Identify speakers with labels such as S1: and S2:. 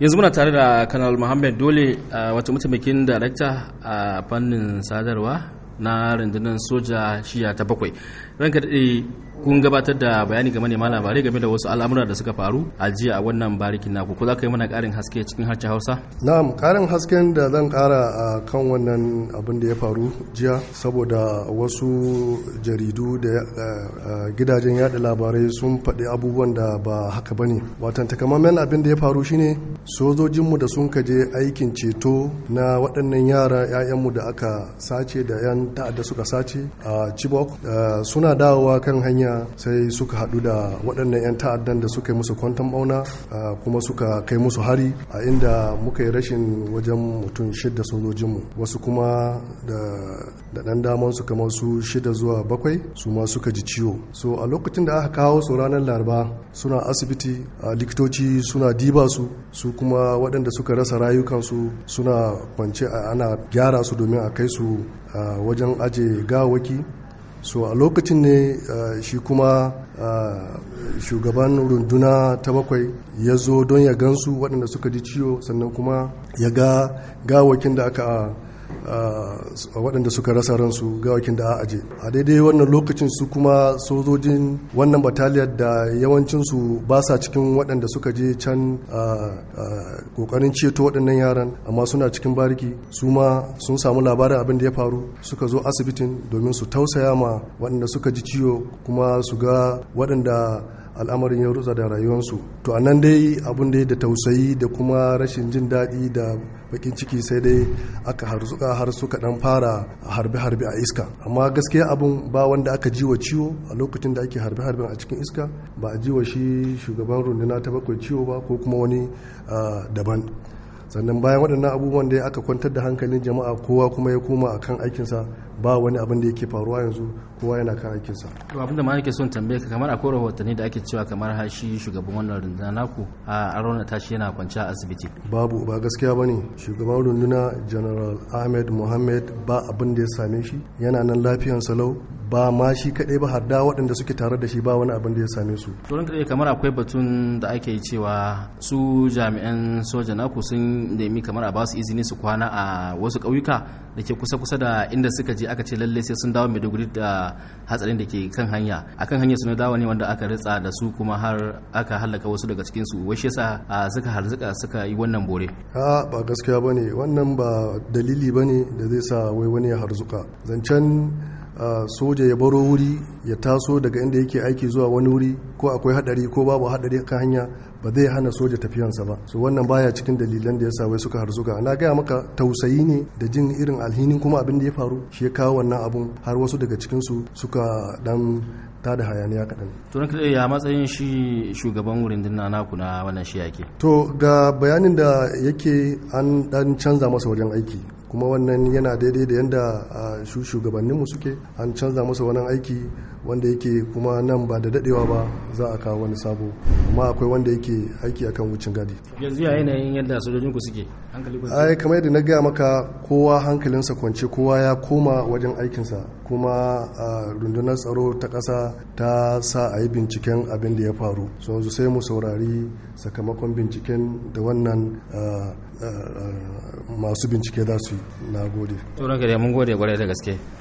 S1: yanzu muna tare da kanal muhammed dole wata mataimakin darakta a fannin sadarwa na rundunar soja shiya ta bakwai ranka daɗe kun gabatar da bayani game ma labarai game da wasu al'amura da suka faru a jiya a wannan barikin naku ko za ka yi mana ƙarin haske cikin harshen hausa
S2: na'am ƙarin hasken da zan ƙara a kan wannan abin da ya faru jiya saboda wasu jaridu da gidajen yada labarai sun faɗi abubuwan da ba haka ba ne watan takamaiman abin da ya faru shine sojojinmu da sun kaje aikin ceto na waɗannan yara 'ya'yanmu da aka sace da 'yan ta'adda suka sace a chibok eh, suna dawowa kan hanya sai suka haɗu da waɗannan 'yan ta'addan da suka yi musu kwantan bauna eh, kuma suka kai musu hari a inda muka yi rashin wajen mutum shida sojojinmu wasu kuma da ɗan daman su kamar su shida zuwa bakwai su ma suka ji ciwo so a lokacin da aka kawo su ranar laraba suna asibiti likitoci suna diba su kuma waɗanda suka rasa rayukansu suna kwance a ana gyara su domin a kai su wajen aje gawaki so a lokacin ne shi kuma shugaban runduna ta bakwai ya zo don ya gansu waɗanda suka ji ciwo sannan kuma ya ga gawakin da aka waɗanda suka rasa ransu gawakin da a aje a daidai wannan lokacin su kuma sojojin wannan bataliyar da yawancinsu ba sa cikin waɗanda suka je can ƙoƙarin ceto waɗannan yaran amma suna cikin bariki su ma sun samu labarin abin da ya faru suka zo asibitin domin su tausaya ma waɗanda suka ji ciwo kuma su ga waɗanda al'amarin ya rutsa da rayuwarsu to a nan dai abun dai da tausayi da kuma rashin jin daɗi da bakin ciki sai dai aka harzuka har suka dan fara harbe-harbe a iska amma gaskiya abun ba wanda aka jiwa ciwo a lokacin da ake harbe-harbe a cikin iska ba a jiwa shi shugaban runduna ta bakwai ciwo ba ko kuma wani ah, daban sannan bayan waɗannan abubuwan da aka kwantar da hankalin jama'a kowa kuma ya koma akan aikinsa ba wani abin da yake faruwa yanzu kowa yana kan aikinsa
S1: to abin da ma yake son tambaye ka kamar akwai rahotanni da ake cewa kamar hashi shugaban wannan runduna naku a arona tashi yana kwanciya a asibiti
S2: babu ba gaskiya bane shugaban runduna general ahmed mohammed ba abin da ya same shi yana nan lafiyan salau ba ma shi kaɗai ba har da waɗanda suke tare da shi ba wani abin da ya same su.
S1: to kadai kamar akwai batun da ake cewa su jami'an soja naku sun nemi kamar a basu izini su kwana a wasu ƙauyuka da ke kusa-kusa da inda suka je aka ce lallai sai sun dawo maiduguri da hatsarin da ke kan hanya akan hanya sun dawo ne wanda aka ritsa da su kuma har aka hallaka wasu daga cikin su wai shi yasa suka harzuka suka yi wannan bore.
S2: a ba gaskiya bane wannan ba dalili bane da zai sa wai wani ya harzuka zancen soja ya baro wuri ya taso daga inda yake aiki zuwa wani wuri ko akwai hadari ko babu hadari ka hanya ba zai hana soja tafiyansa ba so wannan baya cikin dalilan da ya sa wai suka harzuka na gaya maka tausayi ne da jin irin alhinin kuma abin da ya faru shi ya kawo wannan abun har wasu daga cikinsu suka dan ta da hayaniya kaɗan.
S1: To ranka ya matsayin shi shugaban wurin dinna naku na wannan shi yake.
S2: To ga bayanin da yake an dan canza masa wajen aiki kuma wannan yana daidai da yadda ah, shugabanninmu suke an canza masa wani aiki wanda yake kuma nan ba da dadewa ba za a kawo wani sabo amma akwai wanda yake aiki akan wucin gadi
S1: yanzu ya yanayin yadda sojojin ku suke ai kamar
S2: yadda na gaya maka kowa sa kwance kowa ya koma wajen aikinsa kuma rundunar tsaro ta kasa ta sa a yi binciken abin da ya faru so sai mu saurari sakamakon binciken da wannan masu bincike za su yi na gode.
S1: Tsoron ka mun gode kwarai da gaske.